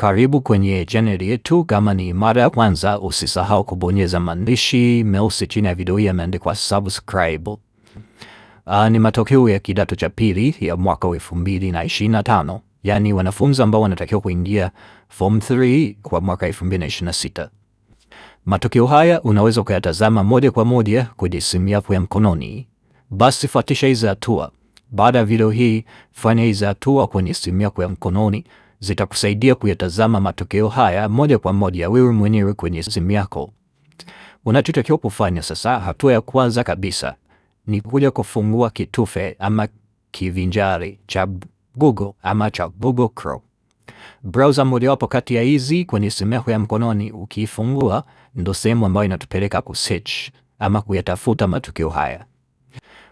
Karibu kwenye chaneli yetu. Kama ni mara ya kwanza, usisahau kubonyeza maandishi meusi chini ya video hii yameandikwa subscribe. Uh, ni matokeo ya kidato cha pili ya mwaka wa elfu mbili na ishirini na tano yaani wanafunzi ambao wanatakiwa kuingia form 3 kwa mwaka elfu mbili na ishirini na sita. Matokeo haya unaweza kuyatazama moja kwa moja kwenye simu yako ya mkononi. Basi fuatisha hizi hatua. Baada ya video hii, fanya hizi hatua kwenye simu yako ya mkononi zitakusaidia kuyatazama matokeo haya moja kwa moja wewe mwenyewe kwenye simu yako. Unachotakiwa kufanya sasa, hatua ya kwanza kabisa ni kuja kufungua kitufe ama kivinjari cha Google ama cha Google Chrome. Browser mojawapo kati ya hizi kwenye simu yako ya mkononi, ukiifungua ndo sehemu ambayo inatupeleka ku search ama kuyatafuta matukio haya.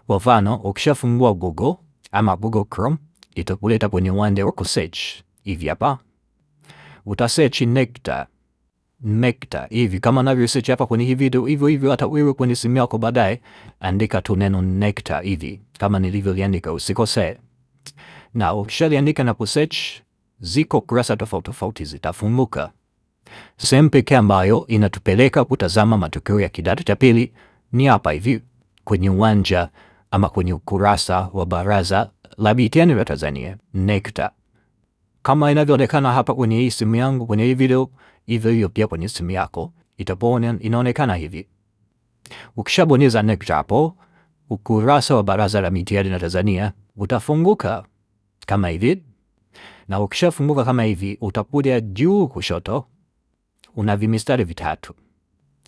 Kwa mfano, ukishafungua Google ama Google Chrome itakuleta kwenye uwanja wa search ivyapa utasech nectar mekta hivi kama navyosearch hapa kwenye hii video, hivyo hivyo hata wewe kwenye simu yako baadaye andika tu neno nectar hivi kama nilivyoliandika, usikosee. Na ukishaliandika na kusearch, ziko kurasa tofauti tofauti zitafunguka. Sehemu pekee ambayo inatupeleka kutazama matokeo ya kidato cha pili ni hapa hivi kwenye uwanja ama kwenye ukurasa wa Baraza la Mitihani la Tanzania, nectar kama inavyoonekana hapa kwenye hii simu yangu kwenye hii video, hivyo hiyo pia kwenye simu yako itakuwa inaonekana hivi. Ukishabonyeza next hapo, ukurasa wa Baraza la Mitihani la Tanzania utafunguka kama hivi, na ukishafunguka kama hivi, utakuja juu kushoto, una vimistari vitatu,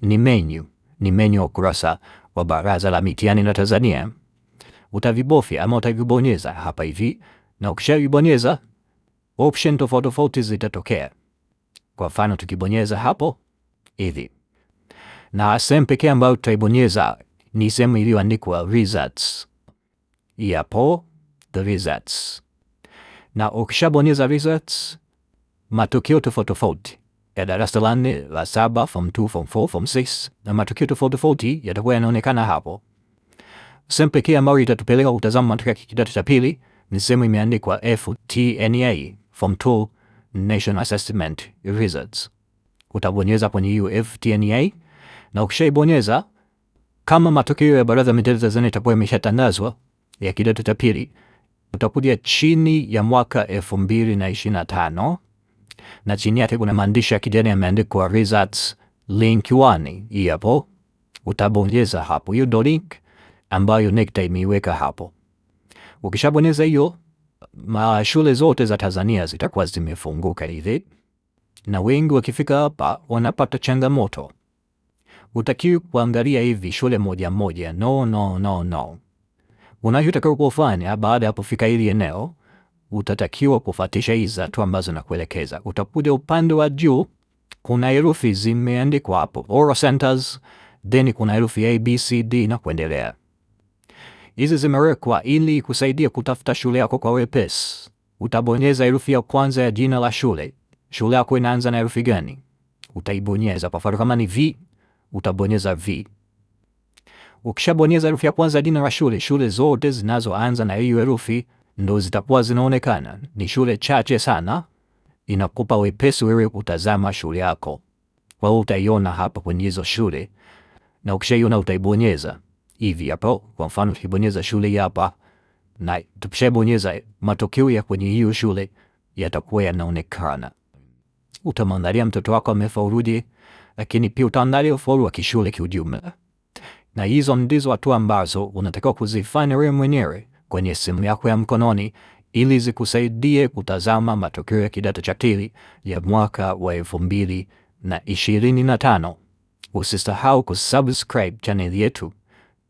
ni menu, ni menu ya ukurasa wa Baraza la Mitihani la Tanzania. Utavibofya ama utavibonyeza hapa hivi, na ukishavibonyeza option tofauti tofauti zitatokea. Kwa mfano tukibonyeza hapo hivi, na sehemu pekee ambayo tutaibonyeza ni sehemu iliyoandikwa results. Yapo the results, na ukishabonyeza results, matokeo tofauti tofauti ya darasa la nne, la saba, form 2, form 4, form 6 na matokeo tofauti tofauti yatakuwa yanaonekana hapo. Sehemu pekee ambayo itatupeleka kutazama matokeo ya kidato cha pili ni sehemu imeandikwa FTNA. Form 2 Nation Assessment Results. Utabonyeza kwenye hiyo FTNA na ukishaibonyeza, kama matokeo ya baraza la Tanzania itakuwa imeshatandazwa ya kidato cha pili, utakuja chini ya mwaka 2025 na na chini yake kuna maandishi ya kijani yameandikwa results link 1. Hii hapo utabonyeza hapo hiyo do link ambayo NECTA imeiweka hapo. Ukishabonyeza hiyo shule zote za Tanzania zitakuwa zimefunguka hivi, na wengi wakifika hapa wanapata changamoto. Utakiwi kuangalia hivi shule moja moja, no, no, no, no. Unachotakiwa kufanya baada ya kufika hili eneo, utatakiwa kufuatisha hizi hatua ambazo nakuelekeza. Utakuja upande wa juu, kuna herufi zimeandikwa hapo, oral centers, then kuna herufi A, B, C, D na kuendelea hizi zimewekwa ili kusaidia kutafuta shule yako kwa wepesi. Utabonyeza herufi ya kwanza ya jina la shule. Shule yako inaanza na herufi gani? Utaibonyeza. Kwa mfano kama ni V, utabonyeza V. Ukishabonyeza herufi ya kwanza ya jina la shule, shule zote zinazoanza na hiyo herufi ndo zitakuwa zinaonekana. Ni shule chache sana. Inakupa wepesi wewe kutazama shule yako. Kwa hiyo utaiona hapa kwenye hizo shule, na ukishaiona utaibonyeza hivi hapo. Kwa mfano tukibonyeza shule hii hapa na tukishabonyeza, matokeo ya kwenye hiyo shule yatakuwa yanaonekana. Utamwandalia mtoto wako amefauluje, lakini pia utaandalia ufaulu wa kishule kiujumla, na hizo ndizo hatua ambazo unatakiwa kuzifanya wewe mwenyewe kwenye simu yako ya mkononi ili zikusaidie kutazama matokeo ya kidato cha pili ya mwaka wa elfu mbili na ishirini na tano. Usisahau kusubscribe chaneli yetu